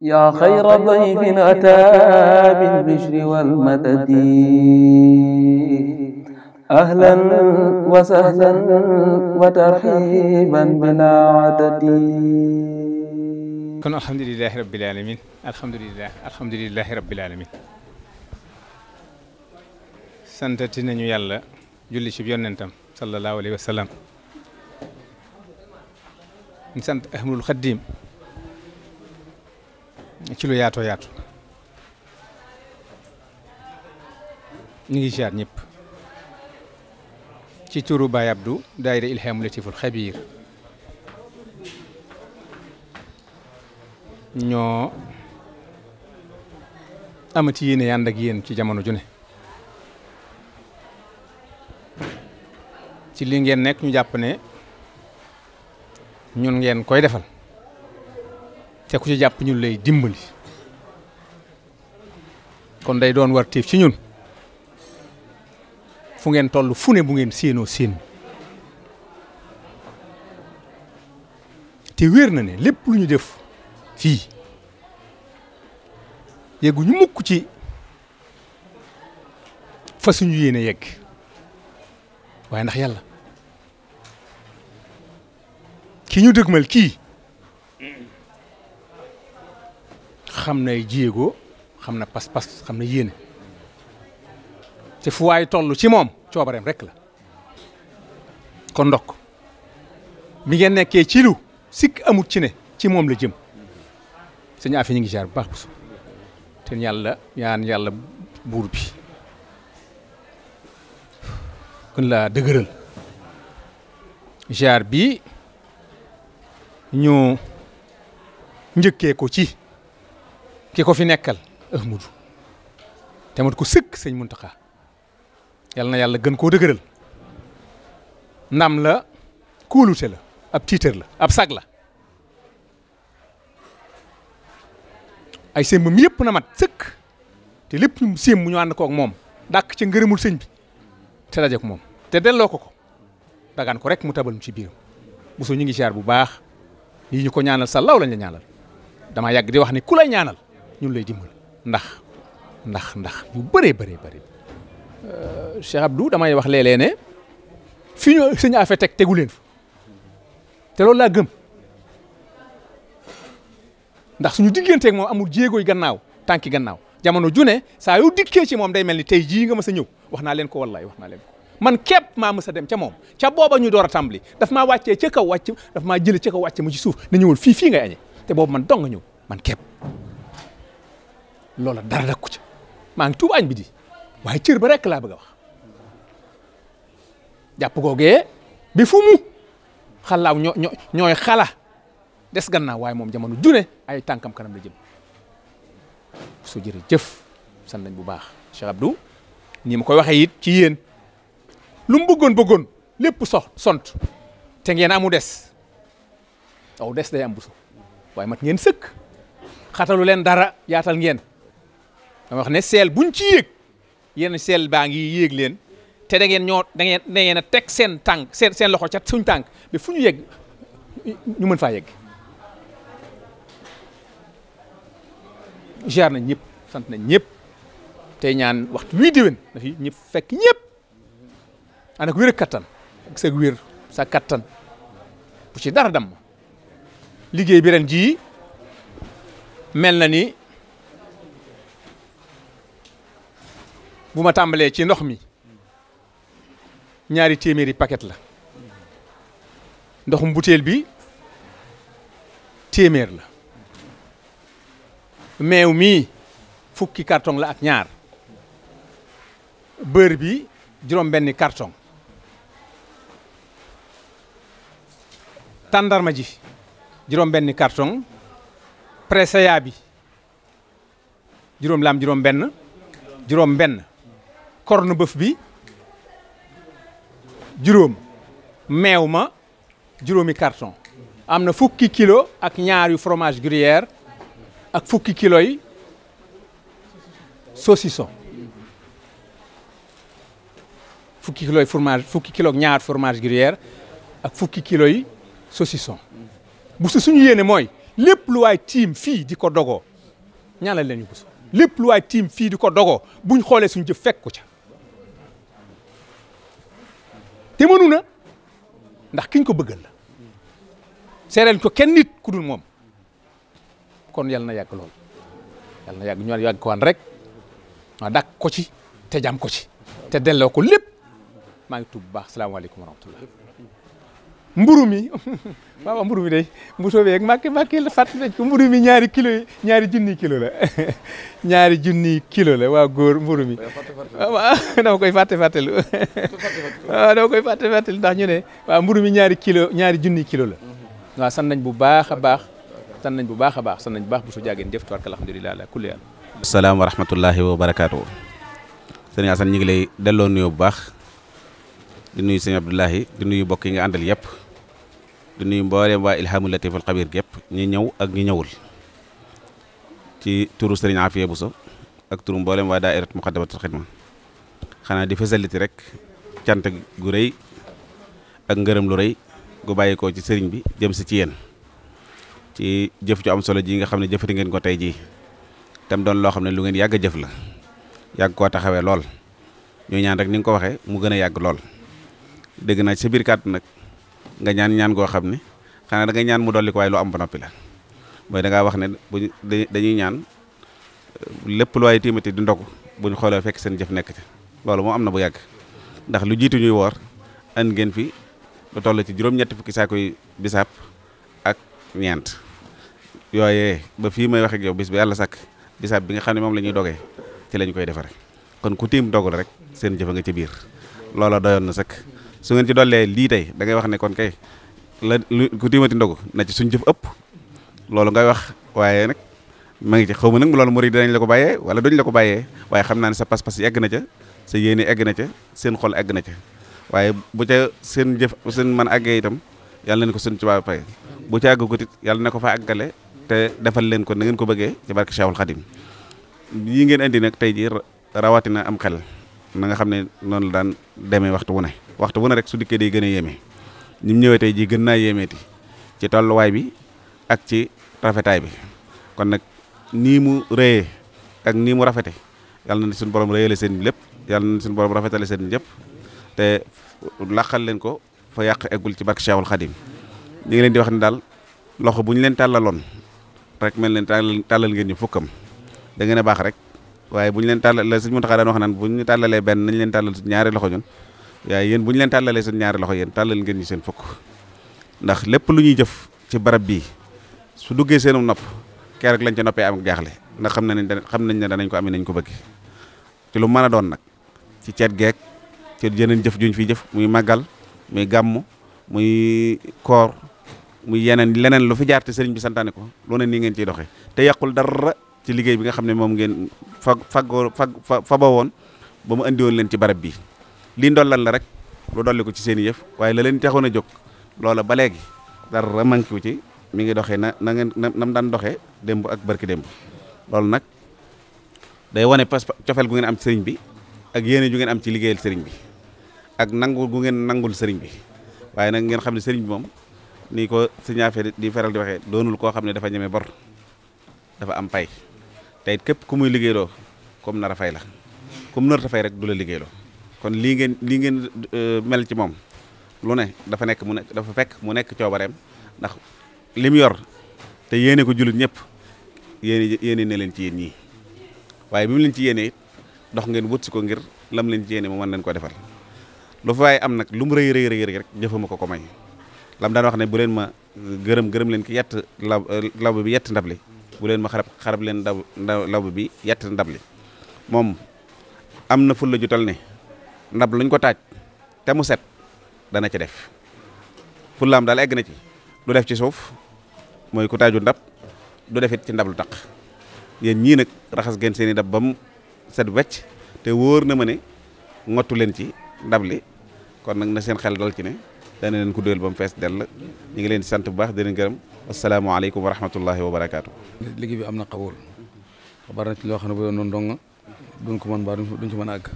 yaa xayra dayfin ataa bil bishri wal madadi ahlan wa sahlan wa tarxiiban bilaa adadi. kon alhamdulilah rabil aalamiin alhamdulilah alhamdulilah nañu yàlla julli ci yonentam sallallahu alayhi wa sallam. ñu sant Ahmadul Xadiim ci lu yaatoo yaatu ñu ngi ziar ñëpp ci turu Baye Abdou da Ilhaamul Latiiful Xabiir ñoo amati yéene yànd ak yéen ci jamono ju ne ci li ngeen nekk ñu jàpp ne ñun ngeen koy defal te ku ci jàpp ñu lay dimbali kon day doon war tiif ci ñun fu ngeen toll fu ne bu ngeen séenoo séen te wér na ne lépp lu ñu def fii yegguñu mukk ci fa suñu yéene yegg waaye nax yàlla ki ñu dëgmal kii xam nay jéego xam na pas-pas xam na yéene te fu waay toll ci moom coobareem rek la kon ndokk mi ngeen nekkee ci lu sikk amut ci ne ci moom la jëm sëñ Afi ñu ngi jaar bu baax busu te yàlla ñaan yàlla buur bi kon la dëgëral jaar bi ñu njëkkee ko ci ki ko fi nekkal ahmadu te mat ko sëkk sëñ Muntaxa yàlla na yàlla gën koo dëgëral nam la kóolute la ab tiitër la ab sag la ay sémbam yëpp na mat sëkk te lépp ñu sémb ñu ànd ko ak moom dàq ca ngërëmul sëñ bi te daje ak moom te delloo ko ko dagaan ko rek mu tabal mu ci biiram bu soo ñu ngi siyaar bu baax lii ñu ko ñaanal sallaw law lañ la ñaanal dama yàgg di wax ni ku lay ñaanal ñun lay dimbal ndax ndax ndax yu bëree bëri bëri euh, Cheikh Abdou damay wax léeg-léeg fi ñu sëñ Afé teg tegu leen fa te loolu laa gëm ndax suñu digganteeg moom amul jéegooy gannaaw tànki gannaaw jamono ju ne saa yu dikkee ci moom day mel ni tey jii nga mës a ñëw wax naa leen ko wallaay wax naa leen ko man képp maa mës a dem ca moom ca booba ñu door a tàmbali daf maa wàccee ca kaw wàcc daf maa jëlee ca kaw wàcc mu ci suuf na ñëwal fii fii ngay añee te boobu man dong nga man képp loola dara dakku ca maa ngi añ bi di waaye cër ba rekk laa bëgg a wax jàpp googee bi fu mu xalaaw ñoo xala des gannaaw waaye moom jamono june ay tànkam kanam la jëm su jërë jëf san bu baax Cheikh Abdou ni ma koy waxee it ci yéen lu mu bëggoon bëggoon lépp sont te ngeen amu des aw des day am bu so waaye mat ngeen sëkk xatalu leen dara yaatal ngeen dama wax ne seel buñ ci yéeg yéen seel baa ngi yéeg leen te da ngeen ñoo da ngeen a teg seen tànk seen seen loxo ca suñ tànk bi fu ñu yegg ñu mën faa yegg jaar na ñëpp sant nañ ñëpp tey ñaan waxtu wii déwén na fi ñëpp fekk ñëpp anak ak kattan ak sa wér sa kattan bu ci dara damm liggéey bi ren jii mel na ni bu ma tàmbalee ci ndox mi ñaari téeméeri paquet la ndox mbutéel bi téeméer la meew mii fukki carton la ak ñaar beurre bi juróom benni carton tàndarma ji juróom benni carton presseya bi juróom laam juróom benn juróom benn kor korne bëf bi juróom meew ma juróomi carton am na fukki kilo ak ñaar yu fromage gruyère ak fukki kilo yi saucisson fukki kilo fukki kilo ak ñaar fromage gruyère ak fukki kilo yi saucisson bu su suñu yéene mooy lépp lu waay tiim fii di ko dogoo ñaanal leen ñu ko lépp lu waay tiim fii di ko dogoo ñu xoolee suñ jëf fekk ko ca te mënu na ndax kiñ ko bëggal la seereel ko kenn nit ku dul moom kon yàlla na yàgg lool yàlla na yàgg ñu yàgg ko waan rek ma dàq ko ci te jam ko ci te delloo ko lépp maa ngi tuub bu baax salaamaaleykum mburu mi waaw mburu mi day bu soobee ak màkk màkk la fàttali nañ ko mburu mi ñaari kilo ñaari junniy kilo la ñaari junniy kilo la waaw góor mburu mi waaw koy fàtte fàttelu waaw dama koy fàtte fàttelu ndax ñu ne waaw mburu mi ñaari kilo ñaari junniy kilo la mm-hmm. waaw san nañ bu baax a baax san nañ bu baax a baax san nañ bu baax bu soo jaageen jëf tuwark alhamdulilah ala kulli yàlla asalaam wa rahmatullahi wa barakaatu ñu ngi lay delloo bu baax di nuyu sëñ Abdoulahi di nuyu mbokk yi nga àndal yëpp di nuyu mbooleem waa Ilhaamul Latiif al Xabiir gépp ñi ñëw ak ñi ñëwul ci turu sëriñ bu so ak turu mboolem waa daairat Muqaddamatul Xidma xanaa di fasaliti rek cant gu rëy ak ngërëm lu rëy gu bàyyikoo ci sëriñ bi jëm si ci yéen ci jëf ju am solo ji nga xam ne jëfati ngeen ko tey jii tam doon loo xam ne lu ngeen yàgg a jëf la yàgg koo taxawee lool ñoo ñaan rek ni nga ko waxee mu gën a yàgg lool dégg naa ci sa biir kàddu nag nga ñaan ñaan goo xam ne xanaa da nga ñaan mu dolli ko lu am ba noppi la mooy da wax ne buñ dañuy ñaan euh, lépp lu waaye tiimati di ndogu buñ xoolee fekk seen jëf nekk ci loolu moom am na bu yàgg ndax lu jiitu ñuy woor ngeen fi lu toll ci juróom fukki saako yi bisaab ak ñeent yooyee ba fii may wax yow bis bi yàlla sàkk bisaab bi nga xam ne moom la ñuy dogee ci lañ koy defare kon ku tiim dogul rek seen jëfa nga ci biir loola doyoon na sëkk su ngeen ci dollee lii tey da ngay wax ne kon kay la ku tiimati ndogu na ci suñ jëf ëpp loolu ngay wax waaye nag ma ngi ci xaw ma nag loolu murid dinañ la ko bàyyee wala duñ la ko bàyyee waaye xam naa ne sa pas-pas yegg na ca sa yéene egg na ca seen xol egg na ca waaye bu ca seen jëf seen mën àggee itam yàlla nañ ko seen tubaab fay bu ca àgg ko it yàlla na ko fa àggale te defal leen ko na ngeen ko bëggee ci barke Cheikhul Khadim yi ngeen indi nag tey ji rawatina am xel na nga xam ne noonu la daan demee waxtu wu ne waxtu wu ne rek su dikkee day gën a yéeme ñi ñëwee tey jii gën naa yéemeeti ci tolluwaay bi ak ci rafetaay bi kon nag nii mu rëyee ak nii mu rafete yàlla na suñu borom rëyale seen lépp yàlla na suñu borom rafetale seen lépp te laqal leen ko fa yàq eggul ci barke Cheikhul Khadim ñu ngi leen di wax ne daal loxo bu ñu leen tàllaloon rek mel leen tàllal ngeen ñu fukkam da ngeen a baax rek waaye bu ñu leen tàllal la Sëñ Muntaxa daan wax naan bu ñu tàllalee benn nañ leen tàllal ñaari loxo ñun waaye yéen bu ñu leen tàllalee seen ñaari loxo yéen tàllal ngeen ñu seen fukk ndax lépp lu ñuy jëf ci barab bii su duggee seenum nopp keroog lañ ca noppee am jaaxle ndax xam nañ ne xam nañ ne danañ ko amee nañ ko bëgg ci lu mën a doon nag ci ceet geek ci yeneen jëf juñ fi jëf muy màggal muy gàmm muy koor mu yeneen leneen lu fi jaar te sëriñ bi santaane ko loo ne nii ngeen ciy doxe te yàqul dara ci liggéey bi nga xam ne moom ngeen fa faggoo fa fa ba woon ba mu andi woon leen ci barab bi lii ndollal la rek lu dolli ko ci seen yëf waaye la leen taxoon a jóg loola ba léegi dara manqué wu ci mi ngi doxee na na ngeen na daan doxe démb ak barki démb loolu nag day wane pas cofeel gu ngeen am ci sëriñ bi ak yéene ju ngeen am ci liggéeyal sëriñ bi ak nangu gu ngeen nangul sëriñ bi waaye nag ngeen xam ne sëriñ bi moom nii ko siñaafe di feral di waxee doonul koo xam ne dafa ñeme bor dafa am pay te képp ku muy liggéeyloo kom na a fay la comme nar a fay rek du la liggéeyloo kon lii ngeen lii ngeen euh, mel ci moom lu ne dafa nekk mu ne dafa fekk mu nekk coobareem ndax lim yor te yéene ko jullit ñëpp yéene yéene ne leen ci yéen ñii waaye bi mu leen ci yéene dox ngeen wut si ko ngir lam leen ci yéene mu mën leen ko defal lu fa am nag lu mu rëy rëy rëy rek jëfama ko ko may lam daan wax ne bu leen ma gërëm gërëm leen ki yett lab euh, lab bi yett ndab bu leen ma xarab xarab leen ndab lab bi yett ndab moom am na fulla la tal ne ndab luñ ko taaj te mu set dana ci def fullaam daal egg na ci du def ci suuf mooy ku taaju ndab du defit ci ndab lu taq yéen ñii nag raxas ngeen seeni dab ndab ba mu set wecc te wóor na ma ne ngottu leen ci ndab li kon nag na seen xel dal ci ne dana leen ko dóyal ba mu fees dell ñu ngi leen sant bu baax di leen gërëm asalaamaaleykum wa rahmatullahi wa barakaatu. liggéey bi am na xawool xabaar na ci loo xam ne bu doon noonu dong duñ ko mën mbaa duñ ko mën a àgg.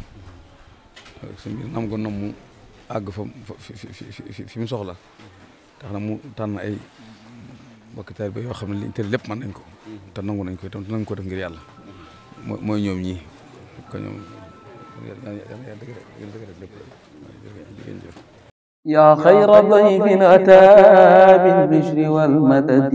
suñu nam ko nam mu àgg fa fi fi mu soxla tax na mu tànn ay mbokki taalibe yoo xam ne liñ tëri lépp mën nañ ko te nangu nañ ko itam ngir yàlla mooy ñoom ñii ko ñoom يا خير ضيف أتى بالبشر والمدد